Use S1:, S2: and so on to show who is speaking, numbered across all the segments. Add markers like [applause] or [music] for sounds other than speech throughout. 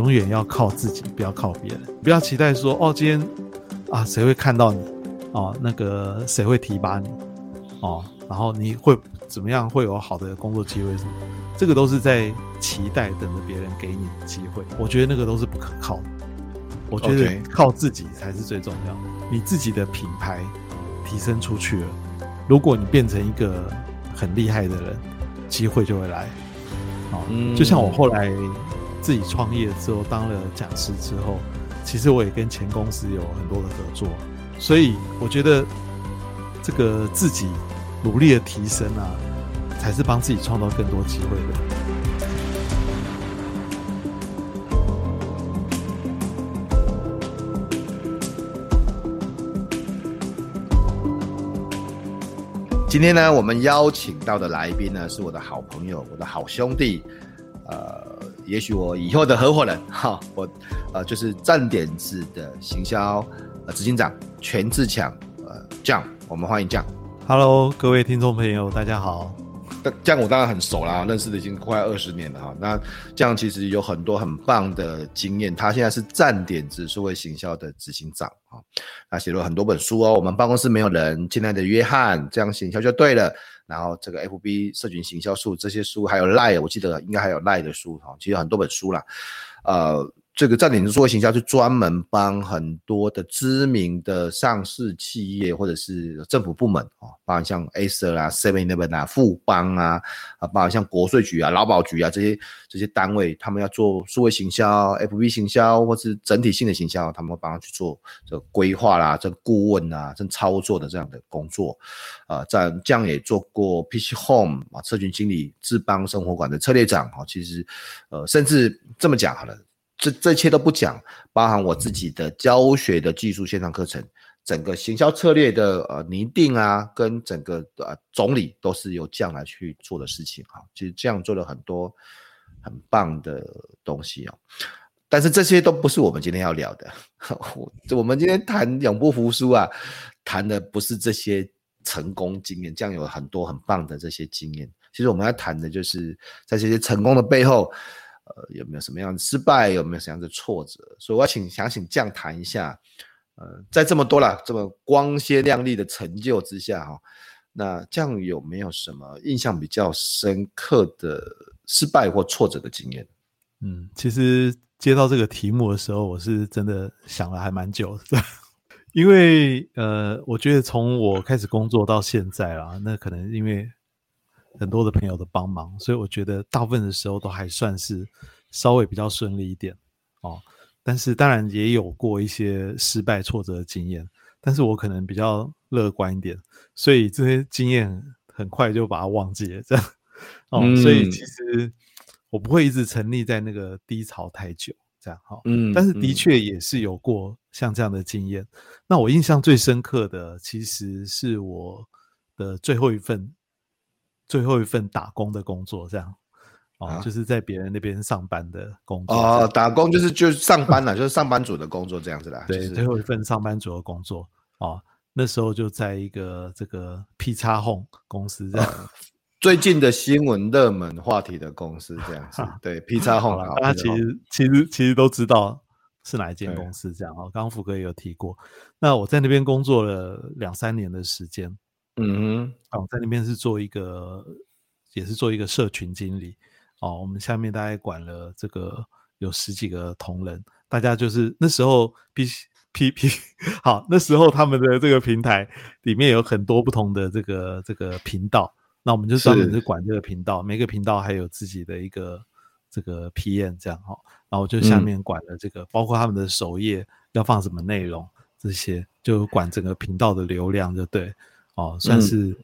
S1: 永遠要靠自己，不要靠別人，不要期待說哦，今天啊，誰會看到你？哦，那個誰會提拔你？哦，然後你會怎麼樣會有好的工作機會什麼？這個都是在期待等着別人給你的機會。我覺得那個都是不可靠的。我覺得靠自己才是最重要的。Okay. 你自己的品牌提升出去了，如果你變成一個很厲害的人，機會就會來。哦，就像我後來。自己創業之後，當了講師之後，其實我也跟前公司有很多的合作，所以我覺得這個自己努力的提升啊，才是幫自己創造更多機會的。
S2: 今天呢，我們邀請到的來賓呢，是我的好朋友，我的好兄弟，呃。也許我以後的合夥人哈、哦，我呃就是讚點子的行銷呃執行長權自強呃 John、John, 我們歡迎 John。
S1: Hello，各位聽眾朋
S2: 友，大家好。John 我當然很熟啦，認識的已經快二十年了哈、哦。那 John 其實有很多很棒的經驗，他現在是讚點子數位行銷的執行長啊。那、哦、寫了很多本書哦。我們辦公室沒有人，親愛的約翰這樣行銷就對了。然後這個 FB 社群行銷術這些書，還有 LINE，我記得應該還有 LINE 的書，哈，其實很多本書啦，呃。這個讚點子數位行銷就專門幫很多的知名的上市企業或者是政府部門啊，包括像 Acer 啊、Seven Eleven 啊、富邦啊，啊，包括像國稅局啊、勞保局啊這些這些單位，他們要做數位行銷、FB 行銷或是整體性的行銷，他們會幫他去做這個規劃啦、這顧問啊、這操作的這樣的工作。啊、呃，在這樣也做過 Pchome 啊，社群經理；智邦生活館的策略長啊，其實，呃，甚至這麼講好了。這這些都不講，包含我自己的教學的技術、線上課程，整個行銷策略的呃擬定啊，跟整個呃總理都是由這樣來去做的事情啊。其實這樣做了很多很棒的東西啊、哦，但是這些都不是我們今天要聊的。呵呵我們今天談永不福輸啊，談的不是這些成功經驗，這樣有很多很棒的這些經驗。其實我們要談的就是在這些成功的背後。呃，有沒有什麼樣的失敗？有沒有什麼樣的挫折？所以我要請想請 John 談一下，呃，在這麼多了這麼光鮮亮麗的成就之下哈、哦，那 John 有沒有什麼印象比較深刻的失敗或挫折的經驗？嗯，
S1: 其實接到這個題目的時候，我是真的想了還蠻久的， [laughs] 因為呃，我覺得從我開始工作到現在啊，那可能因為很多的朋友的幫忙，所以我覺得大部分的時候都還算是稍微比較順利一點哦。但是當然也有過一些失敗挫折的經驗，但是我可能比較樂觀一點，所以這些經驗很快就把它忘記了。這樣哦，嗯，所以其實我不會一直沉溺在那個低潮太久。這
S2: 樣哈，嗯，哦，但是的
S1: 確也是有過像這樣的經驗。嗯嗯，那我印象最深刻的其實是我的最後一份。最後一份打工的工作，這樣，
S2: 哦，啊、就
S1: 是在別人那邊上班的
S2: 工作。哦，打工就是就上班了， [laughs] 就是上班族的工作這樣子啦。對，最
S1: 後一份上班族的工作，哦，那時候就在一個這個 PChome 公司這樣、啊。
S2: 最近的新聞熱門話題的公司這樣子。啊、對，PChome，好 [laughs] 好大家其實 [laughs] 其
S1: 實其實都知道是哪一間公司這樣。哦對，剛剛福哥也有提過。那我在那邊工作了兩三年的時間。嗯哼，我在那邊是做一個，也是做一個社群經理。哦，我們下面大概管了這個有十幾個同仁，大家就是那時候 PPP，好，那時候他們的這個平台裡面有很多不同的這個這個頻道，那我們就專門是管這個頻道，是每個頻道還有自己的一個這個 PM 這樣哈，然後就下面管了這個，嗯、包括他們的首頁要放什麼內容這些，就管整個頻道的流量就對。哦，算是，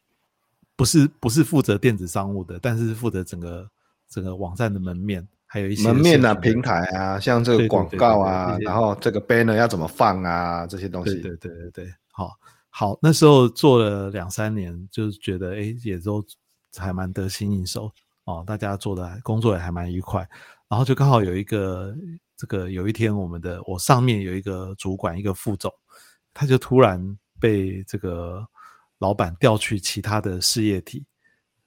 S1: 不是，嗯，不是，不是不是負責電子商務的，但是負責整個整個網站的門面，還有一些門面的、啊、什麼？平台啊，像這個廣告啊，對對對對對，然
S2: 後這個 banner 要怎麼放啊，這些東西。對對對對，好，好，
S1: 那時候做了兩三年，就是覺得哎、欸，也都還蠻得心應手哦，大家做的工作也還蠻愉快，然後就剛好有一個這個有一天我們的我上面有一個主管一個副總，他就突然被這個。老闆調去其他的事業體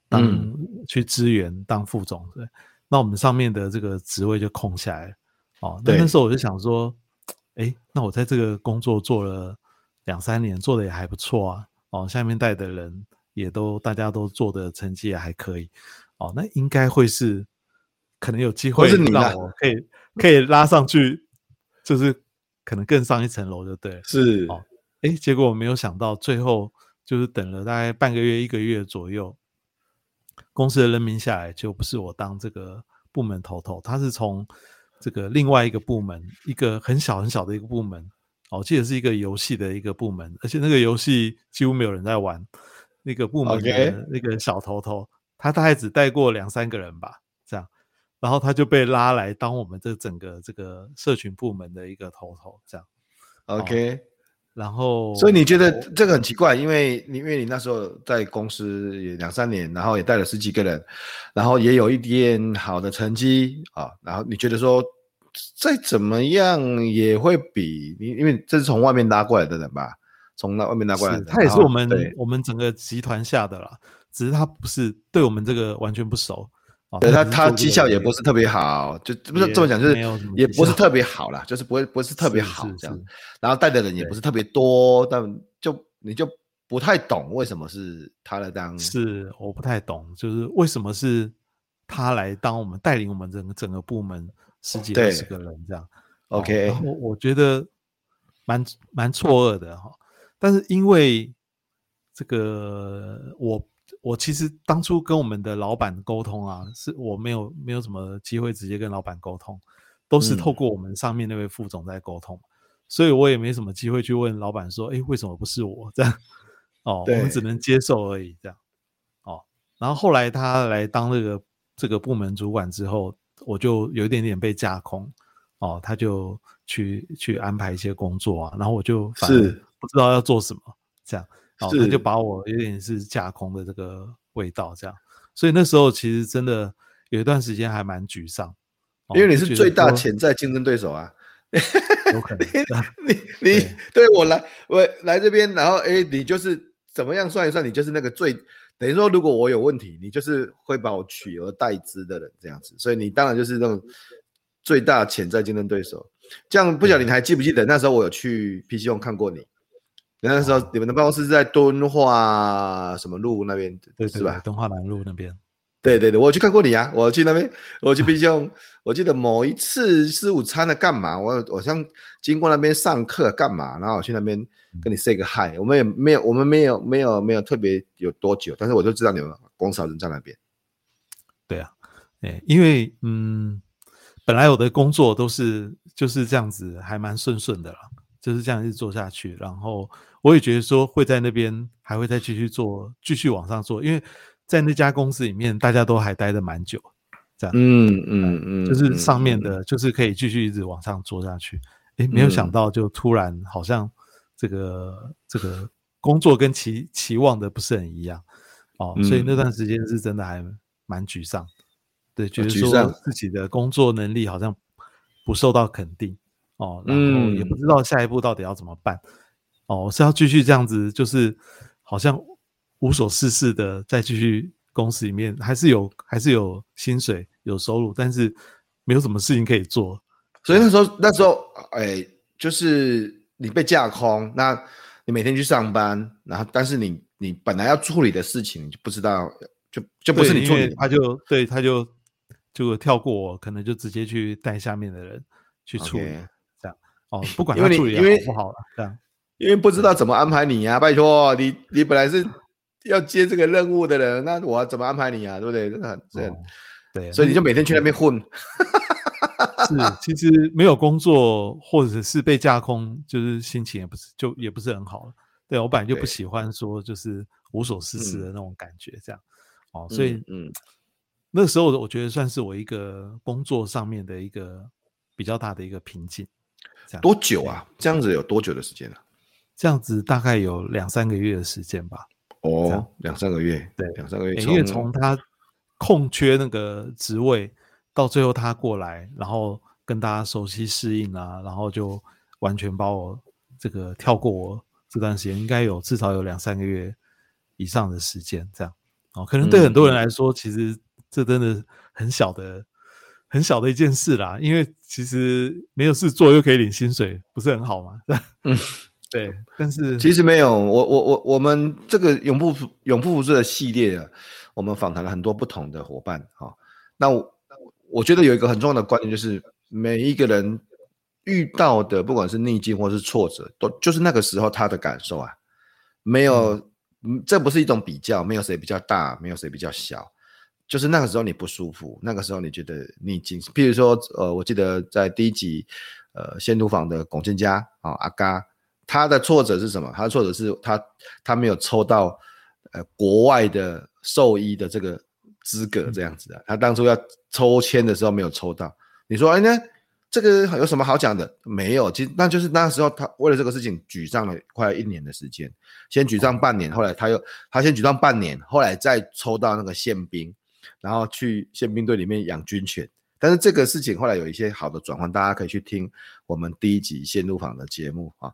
S1: 當、嗯、去支援當副總的，那我們上面的這個職位就空下來哦。那那時候我就想說，哎對、欸，那我在這個工作做了兩三年，做的也還不錯啊，哦，下面帶的人也都大家都做的成績也還可以，哦，那應該會是可能有機會讓我可以對 可以拉上去， [laughs] 就是可能更上一層樓，就對，是哦，哎、欸，結果我沒有想到最後。就是等了大概半個月，一個月左右，公司的任命下來，就不是我當這個部門頭頭，他是從這個另外一個部門，一個很小很小的一個部門，哦，這也是一個遊戲的一個部門，而且那個遊戲幾乎沒有人在玩，那個部門的那個小頭頭，Okay. 他大概只帶過兩三個人吧，這樣，然後他就被拉來當我們這整個這個社群部門的一個頭頭，這樣，哦，OK。然後，所以你覺得
S2: 這個很奇怪，我因為你因為你那時候在公司也兩三年，然後也帶了十幾個人，然後也有一點好的成績啊、哦，然後你覺得說再怎麼樣也會比你，因為這是從外面拉過來的人吧，從那外面拉過來的，的人，他也是我們我們，對
S1: 我們整個集團下的啦，只是他不是對我們這個完全不熟。對、哦、他，他，他績效也不
S2: 是特別好，對就不是也這麼講，就是也不是特別好啦，好就是不會不是特別好這樣。是是是然後帶的人也不是特別多，對但就你就不太懂為什麼是他來當。是我
S1: 不太懂，就是為什麼是他來當我們帶領我們整個整個部門十幾二十個人這樣。對哦、OK，然後我覺得蠻蠻錯愕的哈，但是因為這個我。我其實當初跟我們的老板溝通啊,是我沒有沒有什麼機會直接跟老板溝通，都是透過我們上面那位副總在溝通，嗯、所以我也沒什麼機會去問老板說，哎，為什麼不是我這樣？哦，對我們只能接受而已，這樣。哦，然後後來他來當這個這個部門主管之後，我就有一點點被架空，哦，他就去去安排一些工作啊，然後我就反正不知道要做什麼是這樣。哦，那就把我有點是架空的這個味道，這樣，所以那時候其實真的有一段時間還蠻沮喪，哦、因為你是最大潛
S2: 在競爭對手啊，有可能，你你 [laughs] 對，對我來我來這邊，然後誒、欸，你就是怎麼樣算一算，你就是那個最等於說，如果我有問題，你就是會把我取而代之的人，這樣子，所以你當然就是那種最大潛在競爭對手。這樣，不曉得你還記不記得那時候我有去 PChome 看過你。那時候你們的辦公室在敦化什麼路那邊，對、啊，是吧？敦化南路那邊。對對對，我去看過你啊，我去那邊，我去畢竟， [laughs] 我記得某一次吃午餐的幹嘛？我好像經過那邊上課幹嘛？然後我去那邊跟你 say 個 hi，、嗯、我們也沒有，我們沒有沒有，沒有，沒，有沒有特別有多久，但是我都知道你們不少人在那邊。對啊，
S1: 欸、因為嗯，本來我的工作都是就是這樣子，還蠻順順的了。就是這樣一直做下去，然後我也覺得說會在那邊還會再繼續做，繼續往上做，因為在那家公司裡面大家都還待得蠻久，這樣，嗯嗯
S2: 嗯，就是上
S1: 面的，就是可以繼續一直往上做下去。嗯、誒，沒有想到就突然好像這個、嗯、這個工作跟期期望的不是很一樣哦，嗯、所以那段時間是真的還蠻沮喪，對，覺得說自己的工作能力好像不受到肯定。哦，然後也不知道下一步到底要怎麼辦。嗯、哦，是要繼續這樣子，就是好像無所事事的，再繼續公司裡面還是有還是有薪水有收入，但是沒有什麼事情可
S2: 以做。所以那時候那時候，哎，就是你被架空，那你每天去上班，然後但是你你本來要處理的事情，你就不知道，就就不是你處理的
S1: 他，他就，對，他就就跳過我，可能就直接去帶下面的人去處理。Okay. 哦，不管他、啊、因為你助理也不好了、啊，這
S2: 樣，因為不知道怎麼安排你呀、啊，對 拜託你，你本來是要接這個任務的人，那我怎麼安排你啊？對不對？真的、嗯，對，所以你就每天去那邊混。嗯、 [laughs] 是，
S1: 其實沒有工作或者是被架空，就是心情也不是，就也不是很好。對，我本來就不喜歡說就是無所事事的那種感覺，這樣。
S2: 嗯、哦，所以嗯，
S1: 嗯，那個時候我覺得算是我一個工作上面的一個比較大的一個瓶頸。多
S2: 久啊？這樣子有多久的時間呢、啊？這樣子大概有兩三個月的時間吧。哦，兩三個月，對，兩三個月。因為從
S1: 他空缺那個職位，到最後他過來，然後跟大家熟悉適應啊，然後就完全把我這個跳過我這段時間，應該有至少有兩三個月以上的時間這樣。哦，可能對很多人來說，嗯、其實這真的很小的。很小的一件事啦，因為其實沒有事做又可以領薪水，不是很好嗎？嗯， [laughs] 對。但是其實
S2: 沒有，我我我我們這個永不服永不服輸的系列啊，我們訪談了很多不同的伙伴啊、哦。那我我覺得有一個很重要的觀念，就是每一個人遇到的，不管是逆境或是挫折，都就是那個時候他的感受啊，沒有，嗯、這不是一種比較，沒有誰比較大，沒有誰比較小。就是那個時候你不舒服，那個時候你覺得你已經，譬如說，呃，我記得在第一集，呃，鮮乳坊的龔建嘉啊、哦、阿嘉，他的挫折是什麼？他的挫折是他他沒有抽到，呃，國外的獸醫的這個資格這樣子的。嗯、他當初要抽籤的時候沒有抽到，你說哎那、欸、這個有什麼好講的？沒有，其實那就是那時候他為了這個事情，沮喪了快要一年的時間，先沮喪半年，後來他又他先沮喪半年，後來再抽到那個憲兵。然後去憲兵隊裡面養軍犬，但是這個事情後來有一些好的轉換，大家可以去聽我們第一集《線路訪》的節目啊、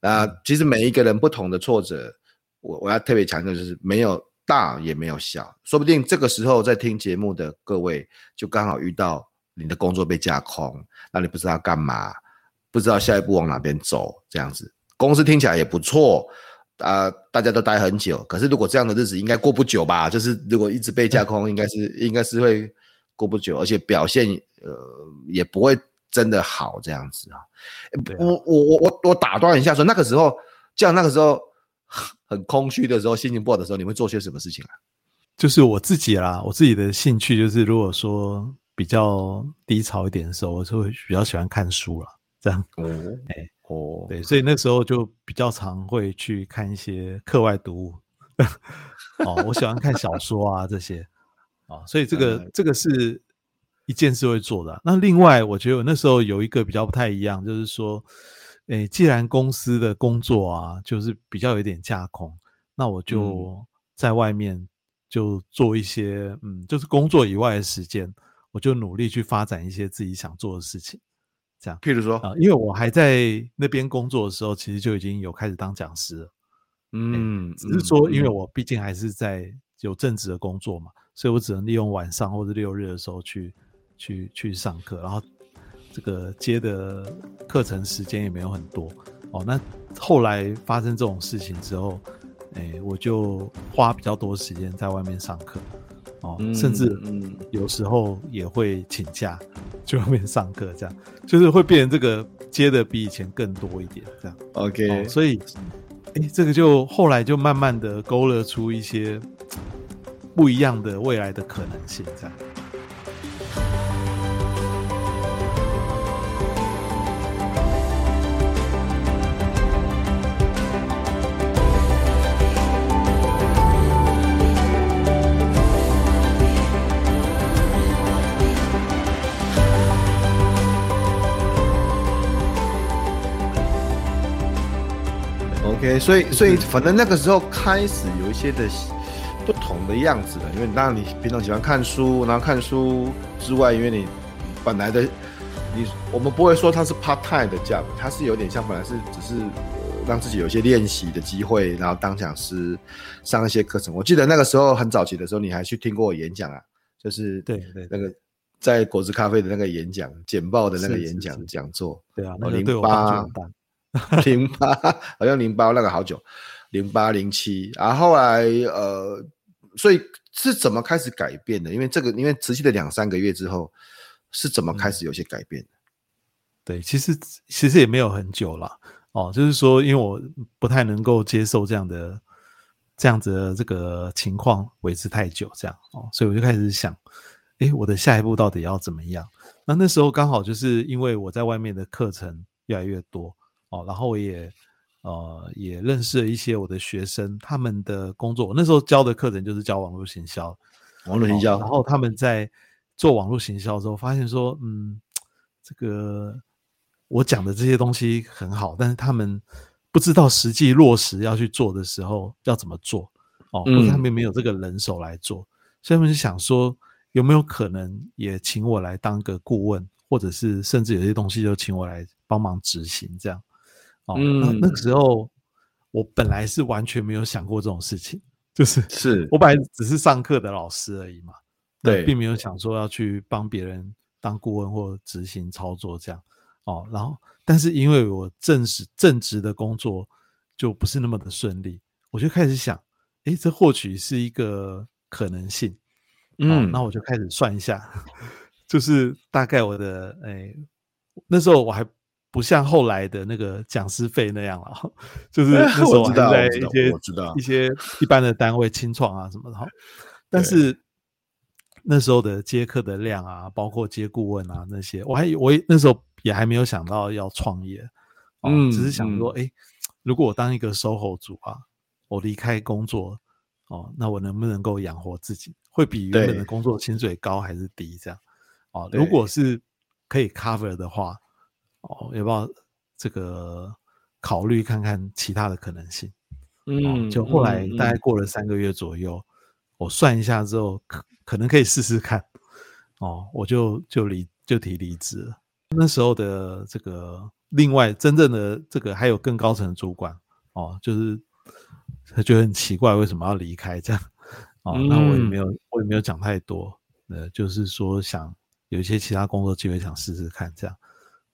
S2: 呃。那其實每一個人不同的挫折，我我要特別強調，就是沒有大也沒有小，說不定這個時候在聽節目的各位就剛好遇到你的工作被架空，那你不知道幹嘛，不知道下一步往哪邊走，這樣子公司聽起來也不錯。啊、呃，大家都待很久，可是如果這樣的日子應該過不久吧？就是如果一直被架空應、嗯應，應該是應該是會過不久，而且表現呃也不會真的好這樣子啊。欸、啊我我我我我打斷一下說，說那個時候，像那個時候很空虛的時候，心情不好的時候，你會做些什麼事情啊？就是
S1: 我自己啦，我自己的興趣就是，如果說比較低潮一點的時候，我是會比較喜歡看書了。這樣，哎、嗯，欸、哦，對，所以那時候就比較常會去看一些課外讀物，哦， [laughs] 我喜歡看小說啊 [laughs] 這些，啊，所以這個這個是一件事會做的。那另外，我覺得我那時候有一個比較不太一樣，就是說，誒、欸，既然公司的工作啊，就是比較有點架空，那我就在外面就做一些，嗯，嗯，就是工作以外的時間，我就努力去發展一些自己想做的事情。這樣，譬如說啊、呃，因為我還在那邊工作的時候，其實就已經有開始當講師了，嗯、欸，只是說因為我畢竟還是在有正職的工作嘛，嗯、所以我只能利用晚上或者六日的時候去去去上課，然後這個接的課程時間也沒有很多哦。那後來發生這種事情之後，欸、我就花比較多時間在外面上課。哦，甚至有時候也會請假去外面上課，這樣就是會變成這個接的比以前更多一點，這樣。嗯、OK，哦、所以，哎、欸，這個就後來就慢慢的勾勒出一些不一樣的未來的可能性，這樣。
S2: 所以，所以，反正那個時候開始有一些的不同的樣子了。因為當然，你平常喜歡看書，然後看書之外，因為你本來的你，我們不會說它是 part time 的 job，它是有點像本來是只是讓自己有一些練習的機會，然後當講師上一些課程。我記得那個時候很早期的時候，你還去聽過我演講啊，就是對對，那個在果子咖啡的那個演講簡報的那個演講講座，對啊，零八。零八好像零八那個好久，零八零七，然後來呃，所以是怎麼開始改變的？因為這個，因為持續了兩三個月之後，是怎麼開始有些改變的？
S1: 對，其實其實也沒有很久了哦，就是說，因為我不太能夠接受這樣的這樣子的這個情況維持太久這樣哦，所以我就開始想，誒，我的下一步到底要怎麼樣？那那時候剛好就是因為我在外面的課程越來越多。哦，然後我也，呃，也認識了一些我的學生，他們的工作，我那時候教的課程就是教網絡行銷，
S2: 網絡行銷，然
S1: 後他們在做網絡行銷之後，發現說，嗯，這個我講的這些東西很好，但是他們不知道實際落實要去做的時候要怎麼做，哦，可是他們沒有這個人手來做，嗯。所以他們就想說，有沒有可能也請我來當個顧問，或者是甚至有些東西就請我來幫忙執行這樣。哦，那、嗯、那個時候我本來是完全沒有想過這種事情，就是是我本來只是上課的老師而已嘛，對是，並沒有想說要去幫別人當顧問或執行操作這樣。哦，然後但是因為我正式正職的工作就不是那麼的順利，我就開始想，哎、欸，這或許是一個可能性。嗯，那、哦、我就開始算一下， [laughs] 就是大概我的，哎、欸，那時候我還。不像後來的那個講師費那樣了，就是那時候還在一些一些一般的單位清創啊什麼的。但是那時候的接課的量啊，包括接顧問啊那些，我還我那時候也還沒有想到要創業，嗯，只是想說，哎，如果我當一個 SOHO 族啊，我離開工作哦、啊，那我能不能夠養活自己？會比原本的工作薪水高還是低？這樣哦、啊，如果是可以 cover 的話。哦，要不要這個考慮看看其他的可能性？嗯、哦，就後來大概過了三個月左右，嗯嗯、我算一下之後，可可能可以試試看。哦，我就就離就提離職了。那時候的這個另外真正的這個還有更高層的主管，哦，就是他覺得很奇怪為什麼要離開這樣。哦，那、嗯、我也沒有我也沒有講太多，呃，就是說想有一些其他工作機會想試試看這樣。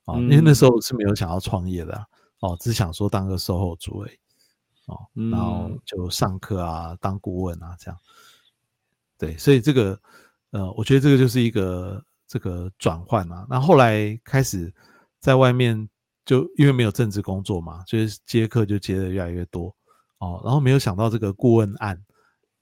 S1: 啊，因為那時候我是沒有想要創業的、啊嗯、哦，只想說當個 SOHO 而已
S2: 哦，嗯、然後
S1: 就上課啊，當顧問啊這樣，對，所以這個呃，我覺得這個就是一個這個轉換嘛、啊。那後來開始在外面就，就因為沒有正職工作嘛，就是接課就接的越來越多哦，然後沒有想到這個顧問案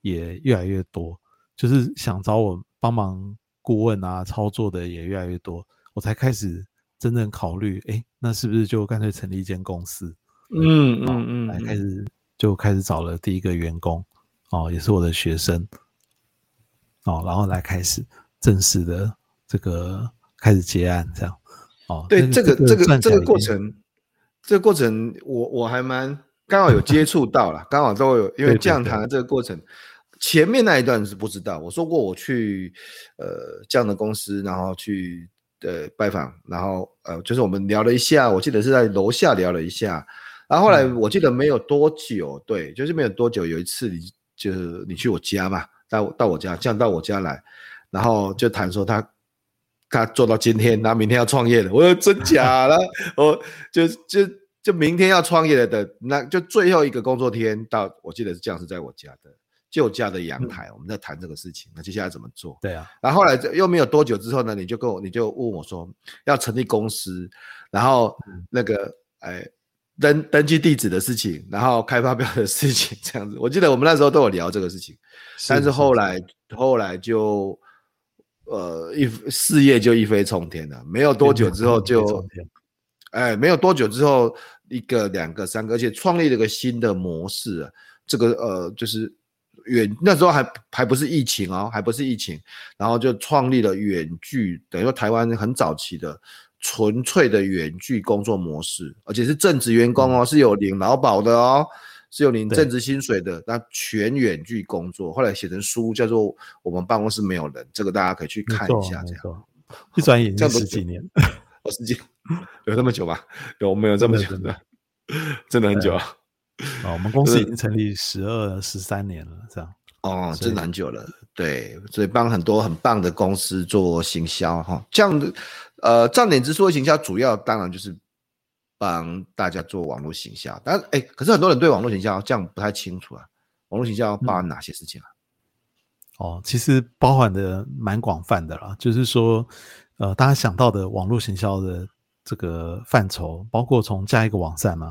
S1: 也越來越多，就是想找我幫忙顧問啊操作的也越來越多，我才開始。真正考慮，哎，那是不是就乾脆成立一間公司？嗯嗯嗯，嗯嗯，來開始就開始找了第一個員工，哦，也是我的學生，哦，然後來開始正式的這個開始接案，這樣，
S2: 哦，對，這個這個、這個、這個過程，這個過程我我還蠻剛好有接觸到了， [laughs] 剛好都有因為這樣談這個過程，對對對，前面那一段是不知道，我說過我去呃這樣的公司，然後去。的、呃、拜訪，然後呃，就是我們聊了一下，我記得是在樓下聊了一下，然後後來我記得沒有多久，對，就是沒有多久，有一次你就是你去我家嘛，到到我家，這樣到我家來，然後就談說他他做到今天，那明天要創業了，我說真假了， [laughs] 我就就就明天要創業的，那就最後一個工作天到，我記得是這樣，是在我家的。舊家的陽台，嗯、我們在談這個事情。那接下來怎麼做？對啊。然後，後來又沒有多久之後呢，你就跟我，你就問我說要成立公司，然後那個是哎登登記地址的事情，然後開發票的事情，這樣子。我記得我們那時候都有聊這個事情，是但是後來後來就呃一事業就一飛沖天了。沒有多久之後就哎，沒有多久之後一個兩個三個，而且創立了一個新的模式啊。這個呃就是。遠那時候還還不是疫情哦，還不是疫情，然後就創立了遠距，等於說台灣很早期的純粹的遠距工作模式，而且是正職員工哦，嗯、是有領勞保的哦，是有領正職薪水的，對那全遠距工作。後來寫成書，叫做《我們辦公室沒有人》，這個大家可以去看一下這樣。這樣
S1: 不，一轉眼這十幾
S2: 年，有這麼久嗎？ [laughs] 有，我們有這麼久的，真的，真的，真的很久啊。哦，我們公司已經
S1: 成立十二、就是、十三年了，這樣
S2: 哦，真的蠻久了。以對，所以幫很多很棒的公司做行銷哈。這樣，呃，讚點子數位行銷主要當然就是幫大家做網絡行銷。但哎、欸，可是很多人對網絡行銷這樣不太清楚啊。網絡行銷包含哪些事情啊？嗯、哦，其實
S1: 包含的蠻廣泛的啦，就是說，呃，大家想到的網絡行銷的這個範疇，包括從加一個網站嘛、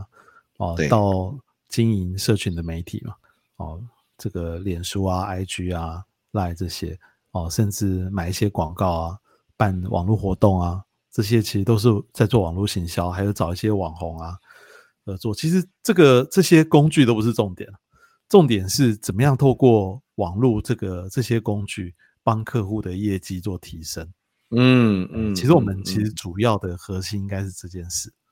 S1: 啊，哦，對到經營社群的媒體嘛，哦，這個臉書啊、IG 啊、LINE 這些哦，甚至買一些廣告啊、辦網絡活動啊，這些其實都是在做網絡行銷，還有找一些網紅啊呃，做，其實這個這些工具都不是重點，重點是怎麼樣透過網絡這個這些工具幫客戶的業績做提升。嗯嗯、呃，其實我們其實主要的核心應該是這件事。嗯嗯嗯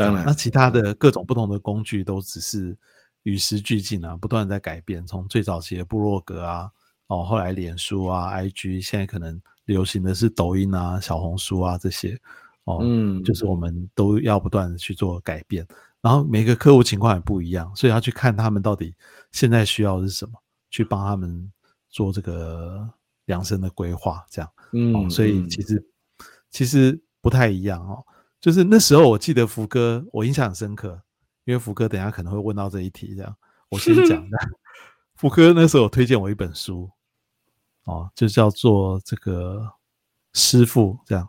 S1: 當然，那其他的各種不同的工具都只是與時俱進啊，不斷在改變。從最早期的部落格啊，哦，後來臉書啊、IG，現在可能流行的是抖音啊、小紅書啊這些哦，嗯，就是我們都要不斷的去做改變。然後每個客戶情況也不一樣，所以要去看他們到底現在需要的是什麼，去幫他們做這個量身的規劃，這樣，嗯、哦，所以其實、嗯嗯、其實不太一樣哦。就是那時候，我記得福哥，我印象很深刻，因為福哥等一下可能會問到這一題，這樣我先講一下，福哥那時候有推薦我一本書，哦，就叫做《這個師父》這樣，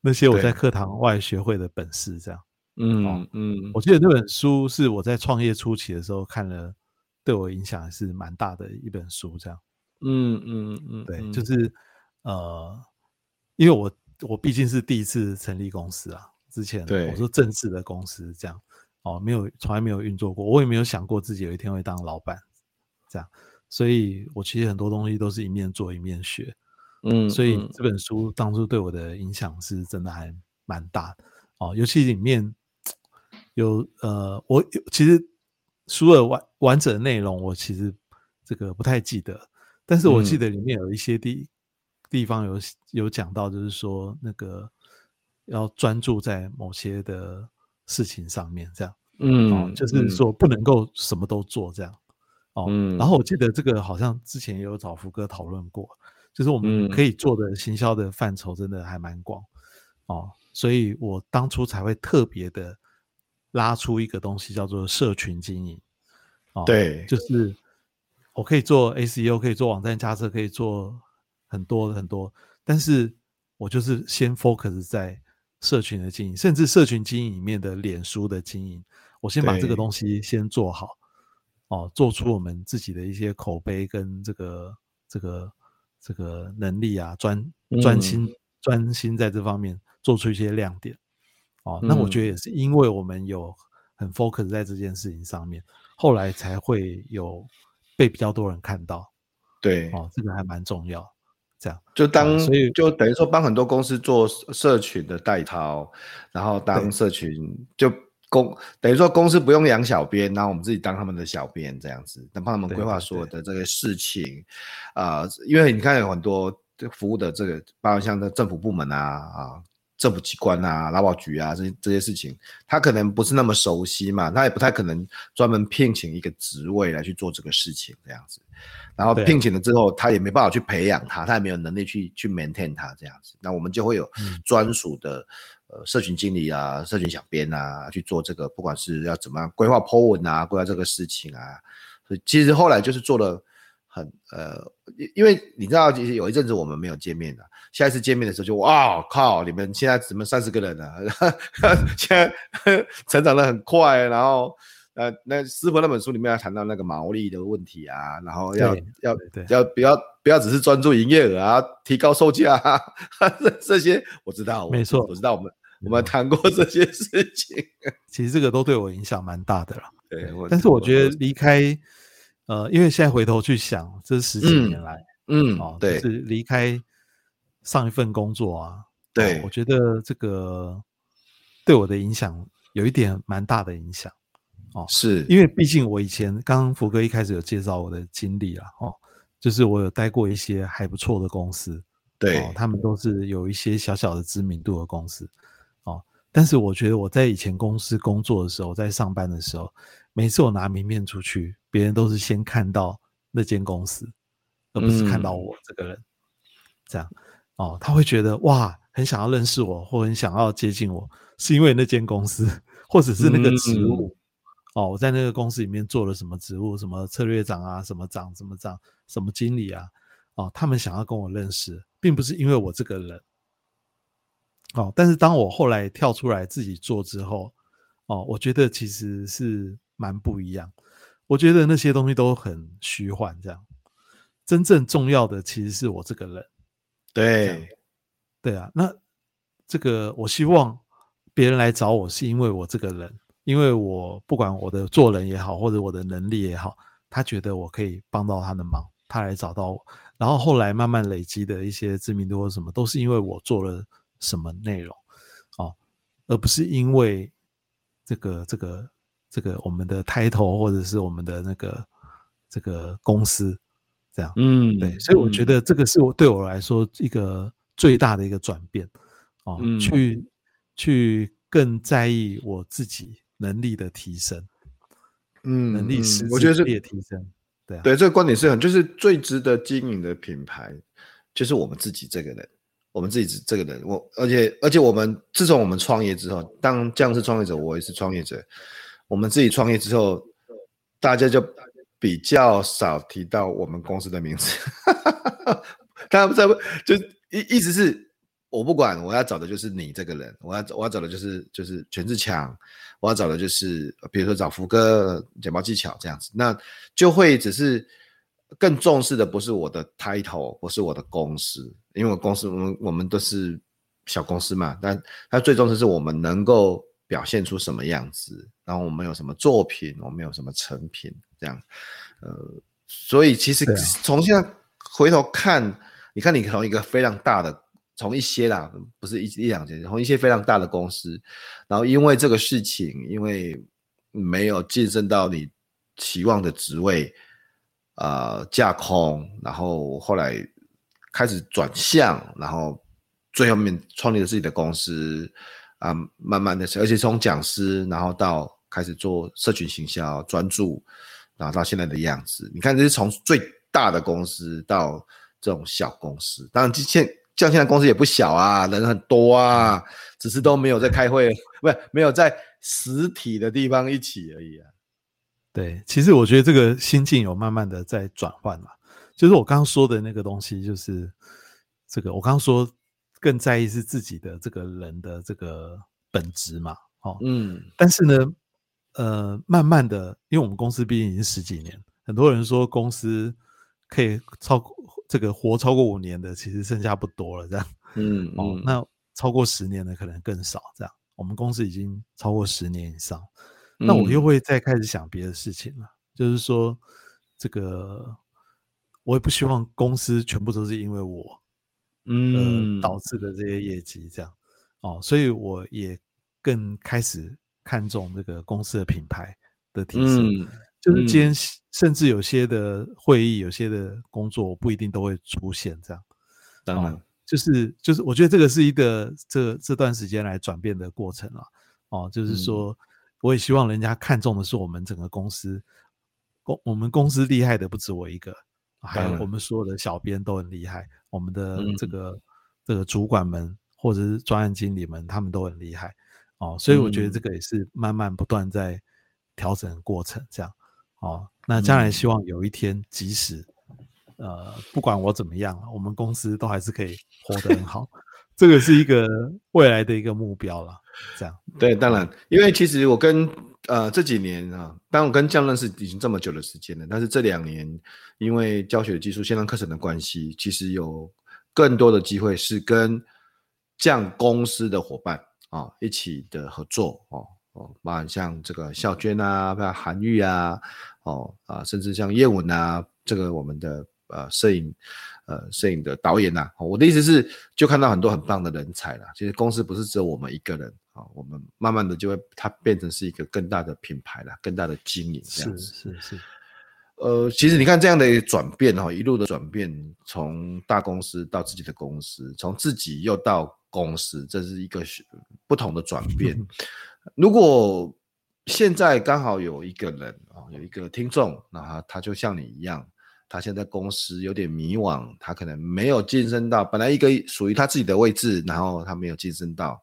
S1: 那些我在課堂外學會的本事這樣。嗯嗯，嗯，我記得那本書是我在創業初期的時候看了，對我影響還是蠻大的一本書這樣。嗯嗯嗯嗯，對，就是呃，因為我我畢竟是第一次成立公司啊。之前我說正式的公司這樣對哦，沒有，從來沒有運作過，我也沒有想過自己有一天會當老闆，這樣，所以我其實很多東西都是一面做一面學，嗯，嗯，所以這本書當初對我的影響是真的還蠻大哦，尤其裡面有呃，我其實書的完完整的內容我其實這個不太記得，但是我記得裡面有一些地、嗯、地方有有講到，就是說那個。要專注在某些的事情上面，這樣，嗯，哦，就是說不能夠什麼都做這樣，嗯、哦，嗯。然後我記得這個好像之前也有找福哥討論過，就是我們可以做的行銷的範疇真的還蠻廣，嗯、哦，所以我當初才會特別的拉出一個東西叫做社群經營，哦，對，就是我可以做 SEO，可以做網站架設，加車可以做很多很多，但是我就是先 focus 在。社群的經營，甚至社群經營裡面的臉書的經營，我先把這個東西先做好，對哦，做出我們自己的一些口碑跟這個這個這個能力啊，專專心、嗯、專心在這方面做出一些亮點，哦，嗯、那我覺得也是因為我們有很 focus 在這件事情上面，後來才會有被比較多人看到，對，哦，這個還蠻重要。
S2: 這樣就當，嗯、所以就等於說，幫很多公司做社群的代操，然後當社群對就公等於說公司不用養小編，然後我們自己當他們的小編這樣子，能幫他們規劃所有的這個事情，啊、呃，因為你看有很多服務的這個，包括像這政府部門啊啊。政府機關啊，勞保局啊，這這些事情，他可能不是那麼熟悉嘛，他也不太可能專門聘請一個職位來去做這個事情這樣子，然後聘請了之後，他也沒辦法去培養他，他也沒有能力去去 maintain 他這樣子，那我們就會有專屬的、嗯呃、社群經理啊，社群小編啊去做這個，不管是要怎麼樣規劃 po 文啊，規劃這個事情啊，所以其實後來就是做了。很呃，因為你知道，其實有一陣子我們沒有見面了，下一次見面的時候就哇靠，你們現在怎麼三十個人了，啊？現在成長的很快，然後呃，那師傅那本書裡面要談到那個毛利的問題啊，然後要對要對對對，要不要不要只是專注營業額啊，提高售價，啊，這這些我知道，我沒錯錯，我知道我們錯我們談過這些事情，其實這個都對我影響蠻大的了。對，但是我覺得
S1: 離開。呃，因為現在回頭去想，這十幾年來，嗯，哦、嗯，對，哦就是離開上一份工作啊，對、哦，我覺得這個對我的影響有一點蠻大的影響，哦，是因為畢竟我以前剛剛福哥一開始有介紹我的經歷了，哦，就是我有待過一些還不錯的公司，對、哦，他們都是有一些小小的知名度的公司，哦，但是我覺得我在以前公司工作的時候，在上班的時候。每次我拿名片出去，別人都是先看到那間公司，而不是看到我這個人，嗯、這樣哦，他會覺得哇，很想要認識我，或很想要接近我，是因為那間公司，或者是那個職務嗯嗯哦，我在那個公司裡面做了什麼職務，什麼策略長啊，什麼長什麼長，什麼經理啊，哦，他們想要跟我認識，並不是因為我這個人，哦，但是當我後來跳出來自己做之後，哦，我覺得其實是。蠻不一樣，我覺得那些東西都很虛幻，這樣真正重要的其實是我這個人，對，對啊。那這個我希望別人來找我，是因為我這個人，因為我不管我的做人也好，或者我的能力也好，他覺得我可以幫到他的忙，他來找到我。然後後來慢慢累積的一些知名度或者什麼，都是因為我做了什麼內容哦，而不是因為這個這個。這個我們的 title，或者是我們的那個這個公司，這樣，嗯，對，所以我覺得這個是我對我來說一個最大的一個轉變，哦，嗯、去去更在意我自己能力的提升，嗯，能力是、嗯，我覺得是能力的提升，
S2: 對啊樣，對，嗯、這個觀點是很，就是最值得經營的品牌就是我們自己這個人，我們自己這個人，我，而且而且我們自從我們創業之後，當這樣是創業者，我也是創業者。我們自己創業之後，大家就比較少提到我們公司的名字。大家道就意、是、意思是，我不管，我要找的就是你這個人，我要找我要找的就是就是權自強，我要找的就是比如說找福哥簡報技巧這樣子，那就會只是更重視的不是我的 title，不是我的公司，因為我公司我們我們都是小公司嘛，但他最重視是我們能夠。表現出什麼樣子，然後我們有什麼作品，我們有什麼成品，這樣，呃，所以其實從現在回頭看，啊、你看你從一個非常大的，從一些啦，不是一一兩間，從一些非常大的公司，然後因為這個事情，因為沒有晉升到你期望的職位，呃，架空，然後後來開始轉向，然後最後面創立了自己的公司。啊、嗯，慢慢的，而且從講師，然後到開始做社群行銷專注，然後到現在的樣子，你看，這是從最大的公司到這種小公司，當然現像現在公司也不小啊，人很多啊，只是都沒有在開會，不是沒有在實體的地方一起而已啊。對，其實我
S1: 覺得這個心境有慢慢的在轉換嘛，就是我剛剛說的那個東西，就是這個我剛剛說。更在意是自己的這個人的這個本質嘛，哦，嗯，但是呢，呃，慢慢的，因為我們公司畢竟已經十幾年，很多人說公司可以超過這個活超過五年的，其實剩下不多了，這樣，嗯，嗯哦，那超過十年的可能更少，這樣，我們公司已經超過十年以上，嗯、那我又會再開始想別的事情了，就是說這個，我也不希望公司全部都是因為我。嗯、呃，導致的這些業績這樣，哦，所以我也更開始看重這個公司的品牌的提升，嗯、就是今天甚至有些的會議，嗯、有些的工作我不一定都會出現這樣，當然、嗯啊，就是就是我覺得這個是一個這這段時間來轉變的過程了、啊，哦、啊，就是說我也希望人家看重的是我們整個公司，公我們公司厲害的不止我一個。還有我們所有的小編都很厲害，嗯、我們的這個這個主管們或者是專案經理們，他們都很厲害哦。所以我覺得這個也是慢慢不斷在調整的過程，這樣哦。那將來希望有一天，即使、嗯、呃不管我怎麼樣，我們公司都還是可以活得很好。 [laughs] 這個是一個未來的一個目標了，這
S2: 樣。對，當然，嗯、因為其實我跟。呃，這幾年啊，當我跟 John 認識已經這麼久的時間了，但是這兩年因為教學技術、線上課程的關係，其實有更多的機會是跟 John 公司的夥伴啊、哦、一起的合作哦哦，包含像這個小娟啊、啊韓玉啊，哦啊、呃，甚至像葉文啊，這個我們的呃攝影呃攝影的導演吶、啊哦，我的意思是，就看到很多很棒的人才啦，其實公司不是只有我們一個人。哦、我們慢慢的就會它變成是一個更大的品牌了，更大的經營這樣子，是是是。
S1: 是是
S2: 呃，其實你看這樣的一個轉變哈、哦，一路的轉變，從大公司到自己的公司，從自己又到公司，這是一個不同的轉變。 [laughs] 如果現在剛好有一個人啊、哦，有一個聽眾，那他他就像你一樣，他現在公司有點迷惘，他可能沒有晉升到本來一個屬於他自己的位置，然後他沒有晉升到。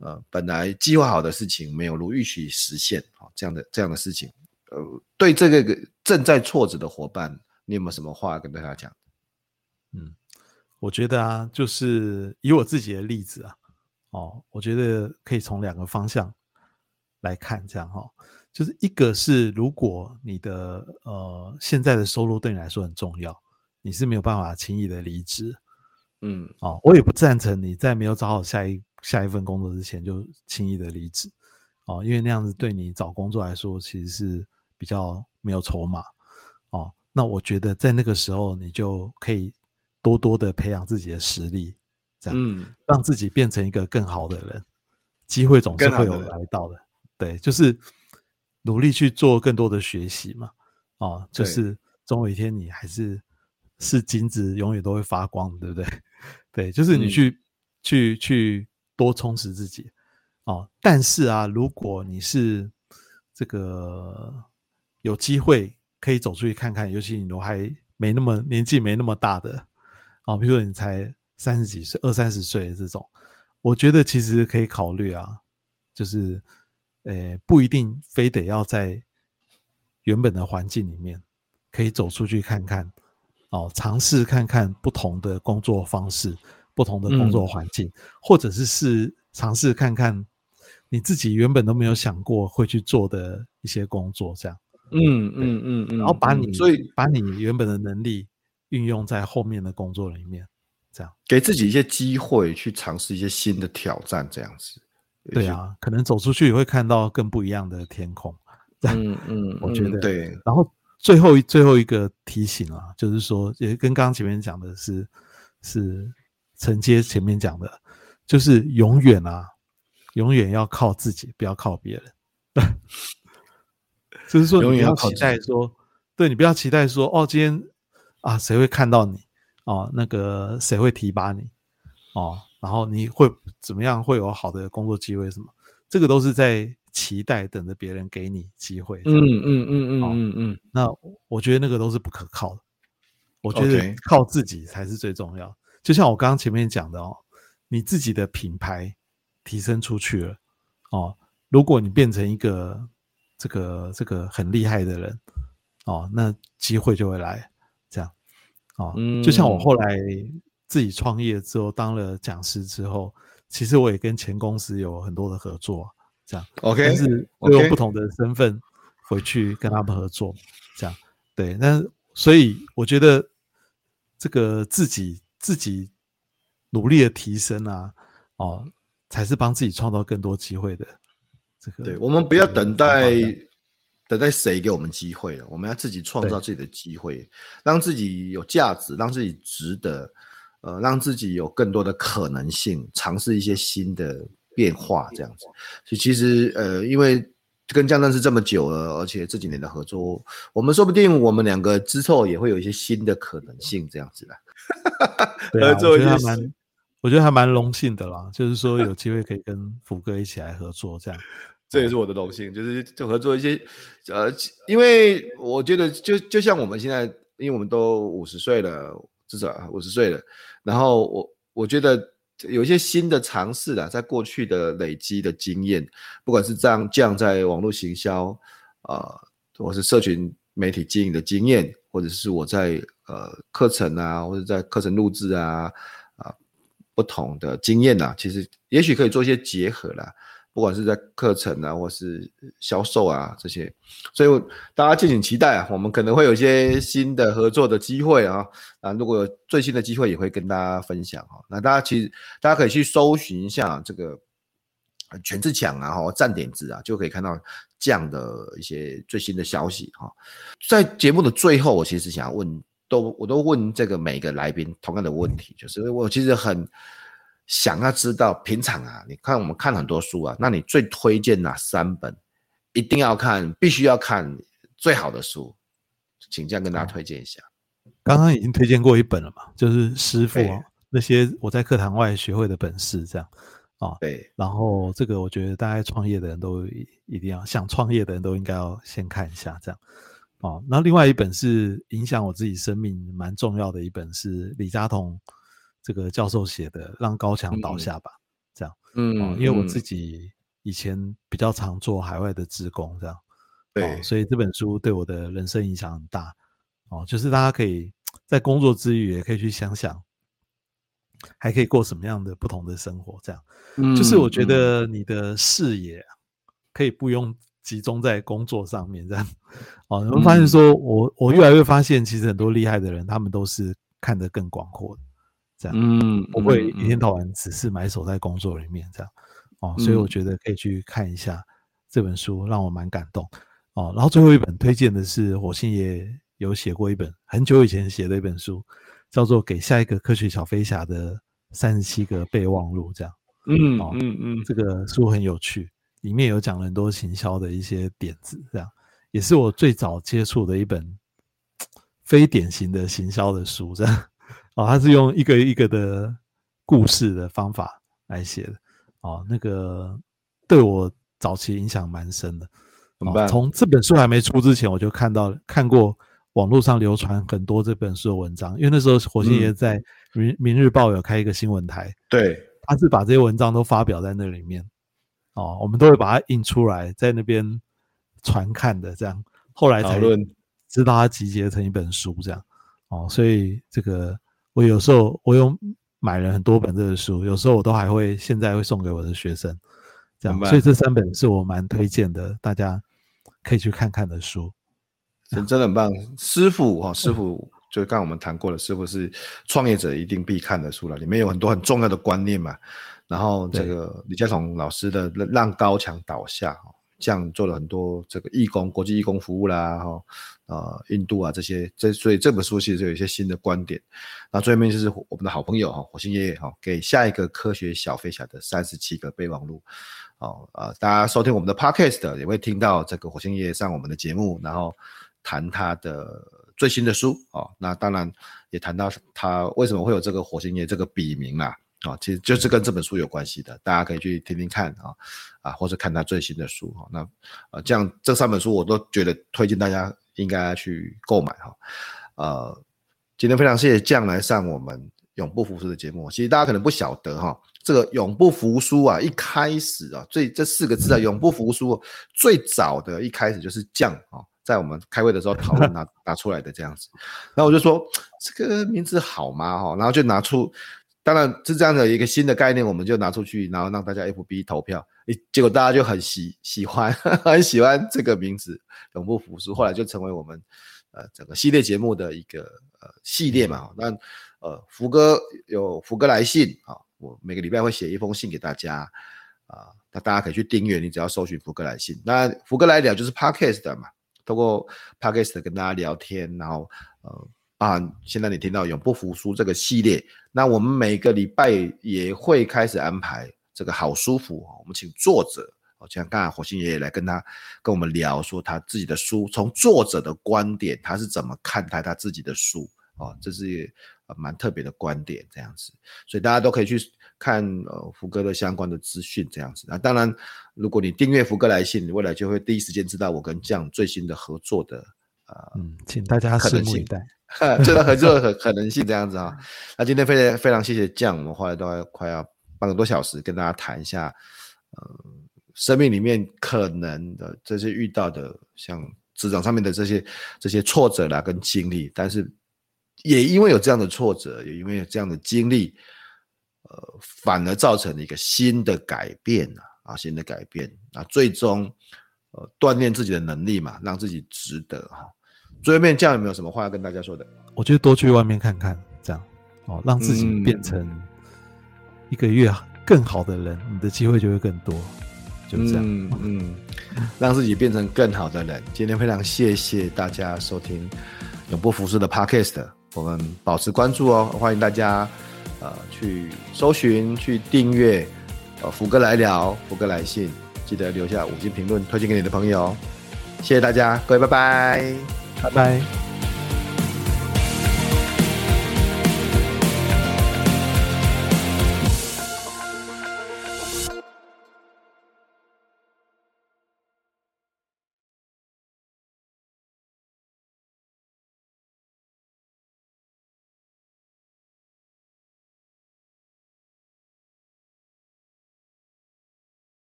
S2: 呃，本來計劃好的事情沒有如預期實現，哈、哦，這樣的這樣的事情，呃，對這個正在挫折的夥伴，你有沒有什麼話跟大家講？嗯，
S1: 我覺得啊，就是以我自己的例子啊，哦，我覺得可以從兩個方向來看，這樣哈、哦，就是一個是如果你的呃現在的收入對你來說很重要，你是沒有辦法輕易的離職，
S2: 嗯，
S1: 啊、哦，我也不贊成你在沒有找好下一下一份工作之前就輕易的離職，哦，因為那樣子對你找工作來說其實是比較沒有籌碼，哦，那我覺得在那個時候你就可以多多的培養自己的實力，這樣，讓自己變成一個更好的人，機會總是會有來到的，的對，就是努力去做更多的學習嘛，哦，對就是總有一天你還是是金子，永遠都會發光，對不對？對，就是你去去、嗯、去。去多充實自己，哦，但是啊，如果你是這個有機會可以走出去看看，尤其你都還沒那麼年紀沒那麼大的，啊、哦，比如說你才三十幾歲，二三十歲這種，我覺得其實可以考慮啊，就是呃，不一定非得要在原本的環境裡面，可以走出去看看，哦，嘗試看看不同的工作方式。不同的工作環境，嗯、或者是試嘗試看看你自己原本都沒有想過會去做的一些工作，這樣，嗯嗯嗯嗯，嗯嗯對然後把你最以把你原本的能力運用在後面的工作裡面，這樣，
S2: 給自己一些機會去嘗試一些新的挑戰，這樣子，對啊，
S1: 就是、可能走出去也會看到更不一樣的天空。嗯嗯，嗯 [laughs] 我覺得、嗯、對。然後最後一最後一個提醒啊，就是說也跟剛前面講的是是。承接前面講的，就是永遠啊，永遠要靠自己，不要靠別人。 [laughs] 就是說你，永遠要期待說，對你不要期待說，哦，今天啊，誰會看到你？哦，那個誰會提拔你？哦，然後你會怎麼樣會有好的工作機會？什麼？這個都是在期待等着別人給你機會嗯。嗯嗯嗯嗯嗯嗯、哦。那我覺得那個都是不可靠的。我覺得靠自己才是最重要的。Okay. 就像我剛剛前面講的哦，你自己的品牌提升出去了哦，如果你變成一個這個這個很厲害的人哦，那機會就會來這樣哦。嗯，就像我後來自己創業之後，當了講師之後，其實我也跟前公司有很多的合作，這樣 OK，但是我用不同的身份回去跟他們合作，Okay. 這樣對。那所以我覺得這個自己。自己努力的提升啊，哦，才是幫自己創造更多機會
S2: 的。這個，對，我們不要等待等待誰給我們機會了，我們要自己創造自己的機會，對讓自己有價值，讓自己值得，呃，讓自己有更多的可能性，嘗試一些新的變化，這樣子。所以化其實，呃，因為跟 John 認識這麼久了，嗯、而且這幾年的合作，我們說不定我們兩個之後也會有一些新的可能性，這樣子的。嗯哈哈， [laughs] 合作一些，啊，
S1: 我覺得還蠻榮 [laughs] 幸的啦。就是說，有機會可以跟福哥一起來合
S2: 作，這樣 [laughs] 這也是我的榮幸。就是就合作一些，呃，因為我覺得就，就就像我們現在，因為我們都五十歲了，至少啊，五十歲了。然後我我覺得有一些新的嘗試啦，在過去的累積的經驗，不管是這樣這樣，在網絡行銷啊，呃，或是社群媒體經營的經驗。或者是我在呃課程啊，或者在課程錄製啊，啊不同的經驗吶、啊，其實也許可以做一些結合啦。不管是在課程啊，或是銷售啊這些，所以大家敬請期待啊，我們可能會有一些新的合作的機會啊啊，那如果有最新的機會也會跟大家分享啊。那大家其實大家可以去搜尋一下、啊、這個。權自強啊，哈，讚點子啊，就可以看到這樣的一些最新的消息哈。在節目的最後，我其實想要問都，我都問這個每一個來賓同樣的問題，就是我其實很想要知道，平常啊，你看我們看很多書啊，那你最推薦哪三本？一定要看，必須要看最好的書，請這樣跟大家推薦一下。
S1: 剛剛已經推薦過一本了嘛，就是師父、欸、那些我在課堂外學會的本事，這樣。啊，哦、對，然後這個我覺得大家創業的人都一一定要想創業的人都應該要先看一下這樣，哦，那另外一本是影響我自己生命蠻重要的一本是李家同這個教授寫的《讓高牆倒下吧》嗯、這樣，哦、嗯，因為我自己以前比較常做海外的職工這樣，對、哦，所以這本書對我的人生影響很大，哦，就是大家可以，在工作之餘也可以去想想，還可以過什麼樣的不同的生活？這樣、嗯，就是我覺得你的視野可以不用集中在工作上面，這樣、嗯。哦，你會發現，說我我越來越發現，其實很多厲害的人，嗯、他們都是看得更廣闊的，這樣。嗯，不會一天到晚只是埋首在工作裡面，這樣、嗯。嗯、哦，所以我覺得可以去看一下這本書，讓我蠻感動。哦，然後最後一本推薦的是，火星爺有寫過一本很久以前寫的一本書。叫做《給下一個科學小飛俠的三十七個備忘錄》這樣，嗯，哦、嗯，嗯嗯，這個書很有趣，裡面有講了很多行銷的一些點子，這樣也是我最早接觸的一本非典型的行銷的書，這樣，哦，它是用一個一個的故事的方法來寫的，哦，那個對我早期影響蠻深的，怎麼辦？從這本書還沒出之前，我就看到看過。網絡上流傳很多這本書的文章，因為那時候火星爺在《明明日報》有開一個新聞台，嗯，對，他是把這些文章都發表在那裡面，哦，我們都會把它印出來，在那邊傳看的，這樣，後來才知道它集結成一本書論這樣，哦，所以這個我有時候我又買了很多本這個書，有時候我都還會現在會送給我的學生，這樣，慢所以這三本是我蠻推薦的，大家可以去看看的書。
S2: 真，真的很棒，師父哈，師父就剛，剛我們談過了，師父是創業者一定必看的書了，裡面有很多很重要的觀念嘛。然後這個李家同老師的讓高牆倒下，這樣做了很多這個義工，國際義工服務啦，哈、呃，印度啊這些，這所以這本書其實有一些新的觀點。那最後面就是我們的好朋友哈，火星爺爺哈，給下一個科學小飛俠的三十七個備忘錄，好、呃，大家收聽我們的 Podcast 也會聽到這個火星爺爺上我們的節目，然後。談他的最新的書，那當然也談到他為什麼會有這個火星爺這個筆名啦啊，其實就是跟這本書有關係的，大家可以去聽聽看啊啊，或者看他最新的書啊，那啊這樣這三本書我都覺得推薦大家應該去購買哈，呃，今天非常謝謝醬來上我們永不福輸的節目，其實大家可能不曉得哈，這個永不福輸啊，一開始啊最這四個字啊永不福輸最早的一開始就是醬啊。在我們開會的時候討論拿拿出來的這樣子， [laughs] 那我就說，這個名字好嗎？哈，然後就拿出，當然是這樣的一個新的概念，我們就拿出去，然後讓大家 F B 投票，哎，結果大家就很喜喜歡呵呵，很喜歡這個名字，永不福輸，後來就成為我們呃整個系列節目的一個呃系列嘛。那呃福哥有福哥來信啊、哦，我每個禮拜會寫一封信給大家啊、呃，那大家可以去訂閱，你只要搜尋福哥來信，那福哥來聊就是 Podcast 嘛。透過 Podcast 跟大家聊天，然後呃啊，現在你聽到《永不福輸》這個系列，那我們每個禮拜也會開始安排這個好舒服，我們請作者，哦，像剛才火星爺爺來跟他跟我們聊，說他自己的書，從作者的觀點，他是怎麼看待他自己的書，哦，這是蠻、呃、特別的觀點，這樣子，所以大家都可以去。看，呃，福哥的相關的資訊這樣子。那當然如果你訂閱福哥來信，你未來就會第一時間知道我跟 John 最新的合作的
S1: 嗯，請大家拭目以待，
S2: 這 [laughs] 個合作可可能性，這樣子哈。那今天非常非常謝謝 John，我們花了大概快要半個多小時跟大家談一下，嗯、呃，生命裡面可能的這些遇到的，像職場上面的這些這些挫折啦跟經歷，但是也因為有這樣的挫折，也因為有這樣的經歷。呃，反而造成了一個新的改變啊，啊新的改變啊，最終呃，鍛鍊自己的能力嘛，讓自己值得哈。最後面，這樣有沒有什麼話要跟大家說的？
S1: 我覺得多去外面看看，這樣哦，讓自己變成一個月、啊、更好的人，你的機會就會更多，就這樣。嗯，嗯，
S2: 讓自己變成更好的人。 [laughs] 今天非常謝謝大家收聽《永不福輸的 Podcast》，我們保持關注哦，歡迎大家。呃，去搜尋、去訂閱，呃，福哥來聊，福哥來信，記得留下五星評論，推薦給你的朋友，謝謝大家，各位，拜拜，拜拜。